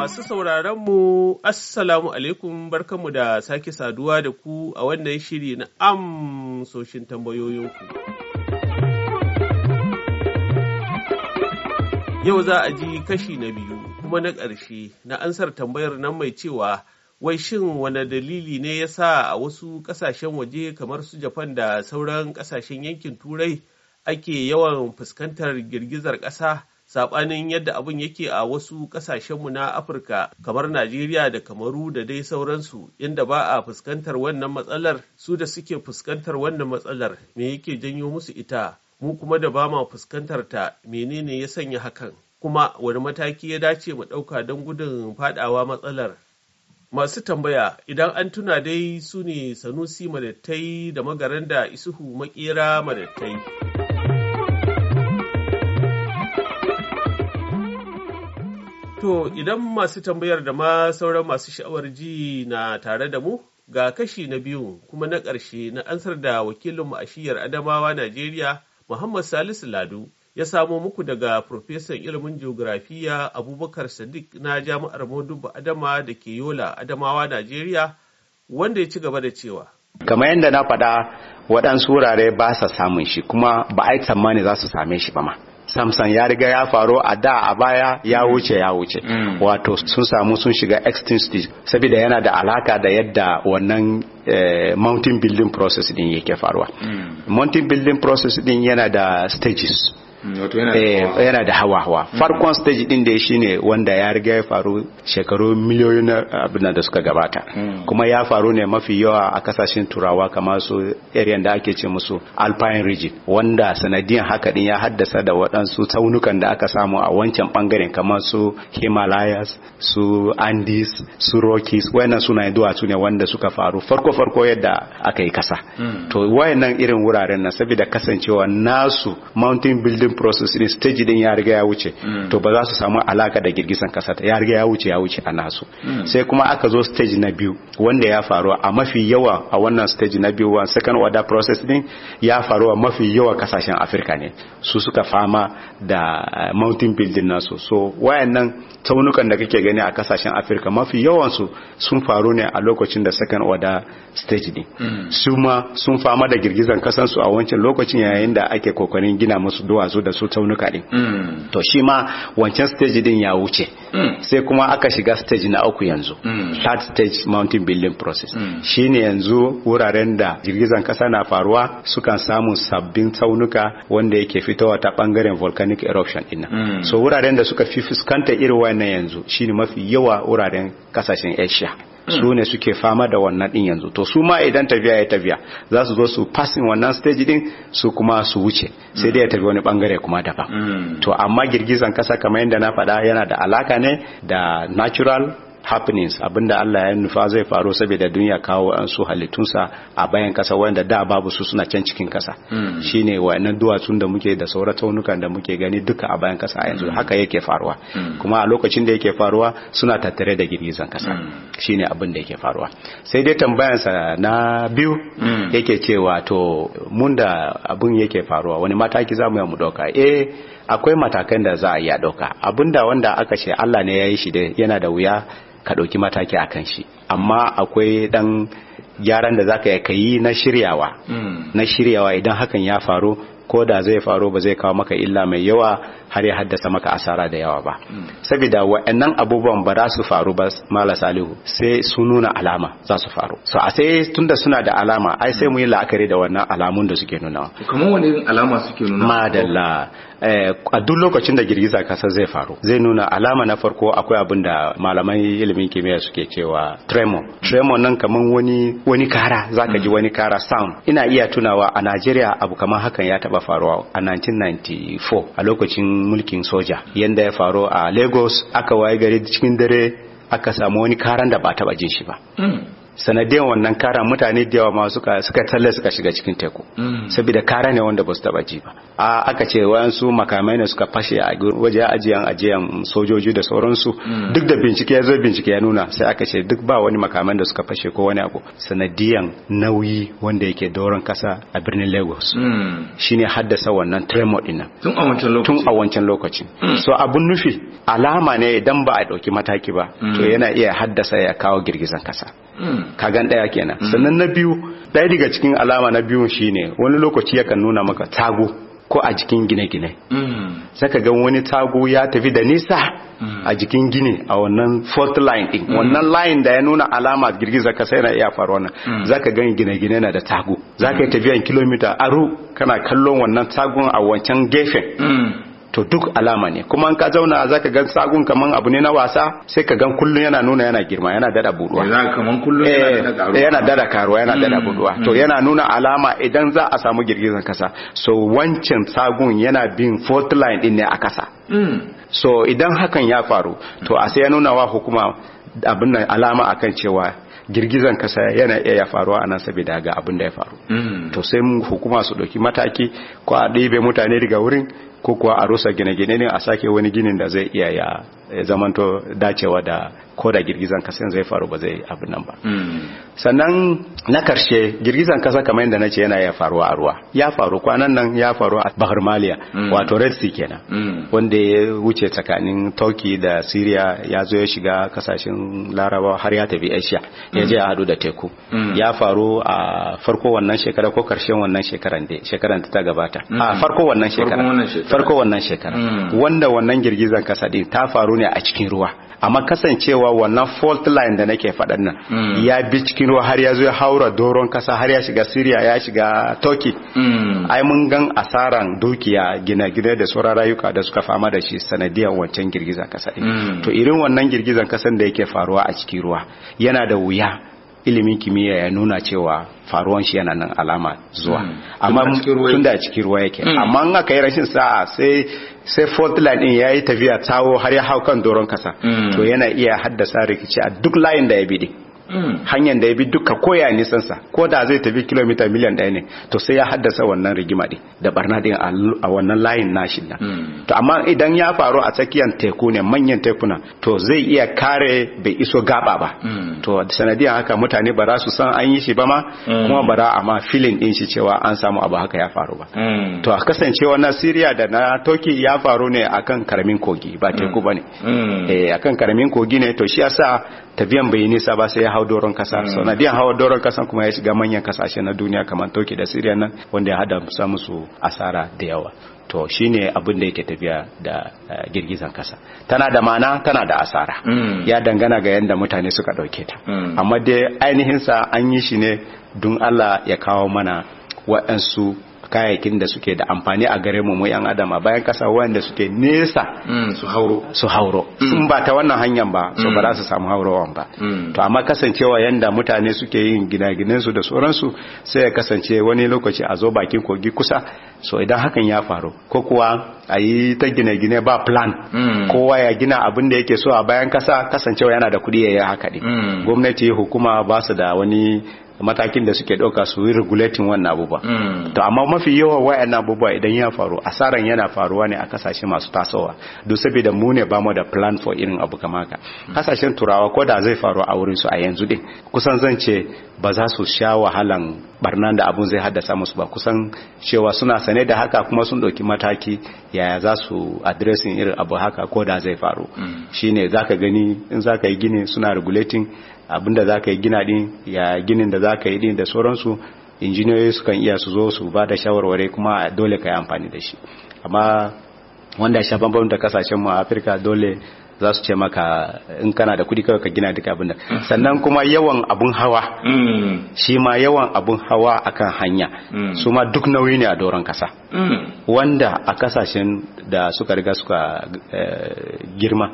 Masu mu Assalamu alaikum barkanmu da sake saduwa da ku a wannan shiri na amsoshin tambayoyinku. Yau za a ji kashi na biyu kuma na ƙarshe na ansar tambayar nan mai cewa wai shin wani dalili ne ya sa a wasu ƙasashen waje kamar su Japan da sauran ƙasashen yankin Turai ake yawan fuskantar girgizar ƙasa saɓanin yadda abin yake a wasu ƙasashenmu na Afirka kamar Najeriya da Kamaru da dai sauransu inda ba a fuskantar wannan matsalar su da suke fuskantar wannan matsalar me yake janyo musu ita mu kuma da ba ma fuskantar ta menene ya sanya hakan kuma wani mataki ya dace mu ɗauka don gudun faɗawa matsalar masu tambaya idan an tuna dai su ne sanusi madattai da magaranda isuhu makera madattai. To idan masu tambayar da ma sauran masu sha'awar ji na tare da mu ga kashi na biyu kuma na ƙarshe na ansar da wakilinmu a shiyar Adamawa Najeriya Muhammad Salisu Ladu ya samo muku daga Profesan ilimin geografiya Abubakar Sadiq na Jami'ar Modubu Adama da ke Yola Adamawa Najeriya wanda ya ci gaba da cewa. Kamar yadda na faɗa waɗansu wurare ba sa samun shi kuma ba a yi tsammani za su same shi ba ma. samson ya riga ya faru a da a baya ya mm. wuce ya wuce mm. wato sun samu sun shiga extinct stage saboda yana da alaka da yadda wannan eh, mountain building process din yake faruwa mm. mountain building process din yana da stages Mm, eh, yana da hawa hawa mm. farkon stage din da ne wanda ya riga ya faru shekaru miliyoyin na abin da suka gabata mm. kuma ya faru ne mafi yawa a kasashen turawa kamar su area da ake ce musu alpine ridge wanda sanadiyan haka din ya haddasa da waɗansu tsaunukan da aka samu a wancan bangaren kamar su himalayas su andes su rockies wayannan suna duwatsu ne wanda suka faru farko farko yadda aka yi kasa to wayannan irin wuraren na saboda kasancewa nasu mountain building building process din stage din ya riga ya wuce mm. to ba za su samu alaka da girgizan kasa ya riga ya wuce ya wuce a nasu mm. sai kuma aka zo stage na biyu wanda ya faruwa a mafi yawa a wannan stage na biyu wa second order process din ya faruwa mafi yawa kasashen Afirka ne su suka fama da eh, mountain building nasu so wayannan taunukan da kake gani a kasashen Afirka mafi yawansu sun faru ne a lokacin da second order stage din mm. su ma sun fama da girgizan kasansu a wancan lokacin yayin da ake kokarin gina musu duwatsu da su taunuka din mm. to shi ma wancan stage din ya wuce mm. sai kuma aka shiga stage na uku yanzu mm. third stage mountain building process shine yanzu wuraren da girgizan kasa na faruwa sukan samu sabbin taunuka wanda yake fitowa ta bangaren volcanic eruption din so wuraren da suka fi fuskantar irin wannan yanzu shine mafi yawa wuraren kasashen Asia Mm. su ne suke fama da wannan din yanzu to su ma idan tafiya ya tafiya za su zo su passing wannan stage din su kuma su wuce sai dai ya tafi wani bangare kuma daban mm. to amma girgizan kasa kamar yadda na faɗa yana da alaka ne da natural happenings abinda Allah ya nufa zai faru saboda duniya kawo an su halittunsa a bayan kasa wanda da babu su suna can cikin kasa mm. shine wayannan duwatsun da muke da sauran taunukan da muke gani duka a bayan kasa yanzu hmm. haka yake faruwa hmm. kuma a lokacin da yake faruwa suna tattare da girgizan kasa hmm. shine abin da yake faruwa sai dai tambayansa na biyu yake cewa to mun da abin yake faruwa wani mataki za mu mu doka eh akwai matakan da za a iya doka abinda wanda aka ce Allah ne ya yi shi da yana da wuya ka ɗauki mataki a kan shi amma akwai ɗan gyaran da zaka ka yi na shiryawa mm. na shiryawa idan hakan ya faru ko da zai faru ba zai kawo maka illa mai yawa har ya haddasa maka asara da yawa ba hmm. saboda wa'annan abubuwan ba za su faru ba mala salihu sai su nuna alama za su faru so a sai tunda suna da alama ai sai mu yi la'akari da wannan alamun da suke nuna kamar wani alama suke nuna madalla eh, a duk lokacin da girgiza kasa zai faru zai nuna alama na farko akwai abin da malaman ilimin kimiyya suke cewa tremor tremor nan kaman wani wani kara zaka ji hmm. wani kara sound ina iya tunawa a Najeriya abu kamar hakan ya taba taba faruwa a 1994 a lokacin mulkin soja yadda ya faru a Lagos aka waye gari cikin dare aka samu wani karan da ba taba jin shi ba hmm. sanadiyan wannan kara mutane da yawa masu suka talle suka shiga cikin teku mm. saboda kara ne wanda ba su taba ji ba a aka ce wayansu makamai ne suka fashe a waje ajiyan ajiyan sojoji da sauransu mm. duk da bincike ya zo bincike ya nuna sai aka ce duk ba wani makaman da suka fashe ko wani abu sanadiyan nauyi wanda yake doron kasa a birnin Lagos mm. shine haddasa wannan tremor din tun a wancan lokacin so abun nufi alama ne idan ba a dauki mataki ba to yana iya haddasa ya kawo girgizan kasa kagan ɗaya kenan mm. sannan na biyu ɗaya daga cikin alama na biyu shine wani lokaci yakan nuna maka tago ko a jikin gine-gine mm. saka ga wani tago ya tafi da nisa mm. a jikin gini a wannan fourth line din wannan line da ya nuna alama girgiza ka sai na iya faruwa nan zaka gan gine-gine na da tago zaka yi tafiyan kilomita aru kana kallon wannan tagon a wancan gefen to duk alama ne kuma an ka zauna ka gan sagun kaman abu ne na wasa sai ka gan kullum yana nuna yana girma yana dada buduwa kaman kullum eh, yana dada karuwa yana dada mm, buduwa to mm. yana nuna alama idan za a samu girgizan kasa so wancan sagun yana bin fourth line din ne a kasa mm. so idan hakan ya faru to a sai ya nuna wa hukuma abin nan alama akan cewa girgizan kasa yana iya ya faruwa a nan saboda ga abin da ya faru to sai hukuma su ɗauki mataki ko a ɗebe mutane daga wurin ko kuwa a rusa gine-gine ne a sake wani ginin da zai iya ya zamanto dacewa da ko da girgizan kasa zai faru ba zai abin nan ba hmm. sannan na karshe girgizan kasa kamar yadda na ce yana ya faruwa a ruwa ya faru kwanan nan ya faru a bahar maliya hmm. wato red sea kenan hmm. wanda ya wuce tsakanin turkey da syria ya zo ya shiga kasashen larabawa har ya tafi asia ya je a hadu da teku ya faru a farko wannan shekara ko karshen wannan shekaran da shekaran ta gabata a farko wannan shekara farko wannan shekara wanda wannan girgizan kasa din ta faru ne a cikin ruwa amma kasancewa cewa wannan fault line da nake faɗan nan mm. ya bi cikin ruwa har ya zo ya haura doron kasa har ya shiga Syria ya shiga Turkey mm. ai mun gan asaran dukiya gina gida da sauran rayuka da suka fama da shi sanadiyar wancan girgizar kasa mm. to irin wannan girgizan kasan da yake faruwa a cikin ruwa yana da wuya ilimin kimiyya ya nuna cewa faruwan shi yana nan alama zuwa hmm. amma tun da cikin ruwa yake hmm. amma in aka yi rashin sa'a sai sai fault line din yayi tafiya tawo har ya hau kan doron kasa hmm. to yana iya haddasa rikici a duk layin da ya bi din Hmm. hanyar da ya bi duka koya nisan sa ko da zai tafi kilomita miliyan ɗaya ne to sai ya haddasa wannan rigima ɗin da barna ɗin a wannan layin nashin nan hmm. to amma idan ya faru a tsakiyar teku ne manyan tekuna to zai iya kare bai iso gaba ba hmm. to sanadiyar haka mutane ba za su san an yi shi ba ma kuma ba za filin ɗin shi cewa an samu abu haka ya faru ba to a kasancewa na siriya da na toki ya faru ne akan karamin kogi ba teku ba ne eh, akan karamin kogi ne to shi yasa tafiyan bai nisa ba sai ya hau doron kasa mm. so na diyan hau doron kasan kuma ya shiga manyan kasashe na duniya kamar toki da siriya nan wanda ya hada sa musu asara da yawa to shine abin da yake tafiya da eh, girgizan kasa tana da mana tana da asara mm. ya dangana ga yadda mutane suka dauke ta mm. amma dai ainihinsa an yi shi ne don Allah ya kawo mana waɗansu kayayyakin da suke da amfani a gare mu mu yan adama bayan kasa wanda suke nesa mm, su hauro su hauro mm. in ba ta wannan hanyar ba so mm. ba za su samu haurowan ba to amma kasancewa yanda mutane suke yin gina-ginansu da sauransu sai ya kasance wani lokaci a zo bakin kogi kusa so idan hakan ya faru ko kuwa a yi ta gine-gine ba plan mm. kowa ya gina abin da yake so a bayan kasa kasancewa yana da kuɗi ya yi haka ne mm. gwamnati hukuma ba su da wani matakin da suke ɗauka su yi regulating wannan abubuwa mm. to amma mafi yawa wayan abubuwa idan ya faru asaran yana faruwa ne a kasashe masu tasowa duk saboda mu ne bamu da plan for irin abu kamar haka kasashen turawa ko da zai faru a wurin su a yanzu din kusan zan ce ba za su sha wahalan barnan da abun zai haddasa musu ba kusan cewa suna sane da haka kuma sun ɗauki mataki yaya za su adresin irin abu haka ko da zai faru mm. shine za ka gani in za ka yi gini suna regulating abinda za ka yi gina din ya ginin da za ka yi din da sauransu injiniyoyi sukan iya su zo su ba da shawarware kuma dole ka yi amfani da shi amma wanda sha bambam da kasashen mu a afirka dole za su ce maka in kana da kudi kawai ka gina duka abin da sannan kuma yawan abun hawa mm. shi ma yawan abun hawa akan hanya mm. su ma duk nauyi ne a doron kasa mm. wanda a kasashen da suka riga suka eh, girma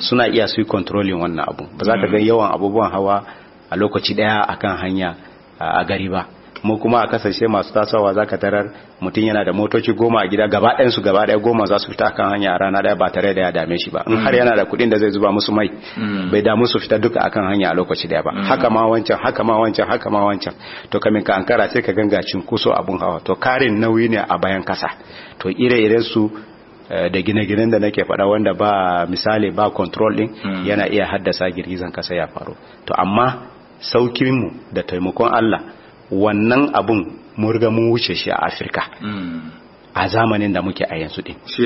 suna iya su yi controlling wannan abu ba za ka ga yawan abubuwan hawa a lokaci daya akan hanya a gari ba mu kuma a kasashe masu tasowa ka tarar mutum yana da motoci goma a gida gaba ɗayan gaba ɗaya goma za su fita akan hanya a rana ɗaya ba tare da ya dame shi ba in har mm. yana da kuɗin da zai zuba musu mai mm. bai damu su fita duka akan hanya a lokaci ɗaya ba mm. haka ma wancan haka ma wancan haka ma wancan to kamin ka ankara sai ka ganga cinkoso abun hawa to karin nauyi ne a bayan kasa to ire-iren su eh, da gine-ginen da nake faɗa wanda ba misali ba control ɗin yana iya haddasa girgizan kasa ya faru to amma mu da taimakon Allah wannan abun murga mun wuce shi a afirka mm. a zamanin da muke a yanzu din shi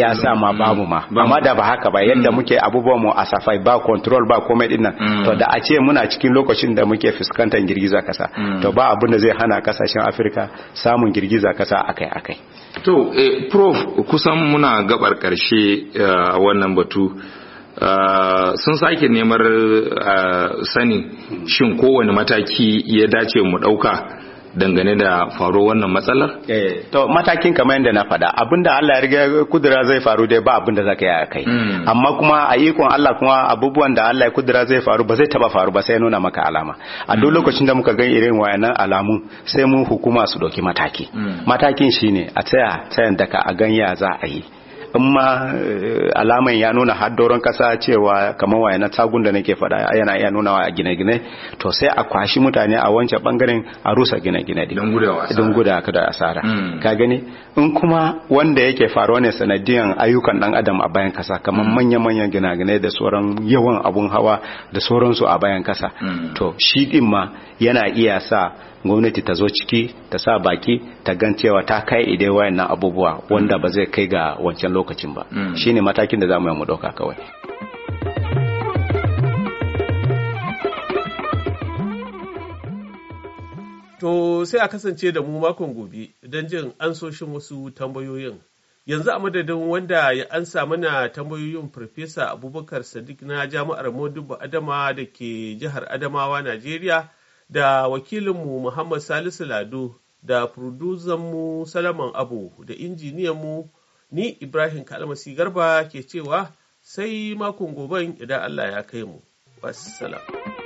ya sa ma mm. babu ma amma da ba haka ba yadda mm. muke abubuwan mu a safai ba control ba komai din nan to da a ce muna cikin lokacin da muke fuskantar girgiza kasa to ba abin da zai hana kasashen afirka samun girgiza kasa akai akai to eh, prof kusan muna gabar karshe eh, wannan batu Ah, sun sake neman ah, sani shin kowane mataki ya dace mu ɗauka dangane da faru wannan matsalar? Eh, to matakin kamar yadda na faɗa abinda Allah ya riga kudura zai faru dai ba abinda zaka yi a kai hmm. amma kuma a ikon Allah kuma abubuwan da Allah ya kudura zai faru ba zai taba faru ba sai nuna maka alama a duk hmm. lokacin da muka gan irin wayannan alamu sai mun hukuma su ɗauki mataki hmm. matakin shine a tsaya tsayan daka a gan ganya za a yi in ma eh, alaman ya nuna haddoron kasa cewa kamar waye na tagun da nake faɗa yana iya nunawa a gine-gine to sai a kwashi mutane a wancan bangaren a rusa gine-gine don guda da asara hmm. ka gani in kuma wanda yake faruwa ne sanadiyan ayyukan dan adam a bayan kasa kamar hmm. manya-manyan gine-gine da sauran yawan abun hawa da sauransu a bayan kasa hmm. to shi din ma yana iya sa gwamnati ta zo ciki ta sa baki ta gan cewa ta kai idai wayannan abubuwa wanda ba zai kai ga wancan lokaci. lokacin ba mm. shine matakin da zamu yi mu dauka kawai To sai a kasance da mu makon gobe don jin ansoshin wasu tambayoyin. Yanzu a madadin wanda ya ansa mana tambayoyin Farfesa Abubakar Sadiq na Jami'ar Modibo Adama da ke jihar Adamawa, Najeriya, da wakilinmu Muhammad Salisu Lado da mu Salaman Abu da injiniyanmu Ni Ibrahim Kalmasi Garba ke cewa sai makon goben idan Allah ya kai mu. Wassalam.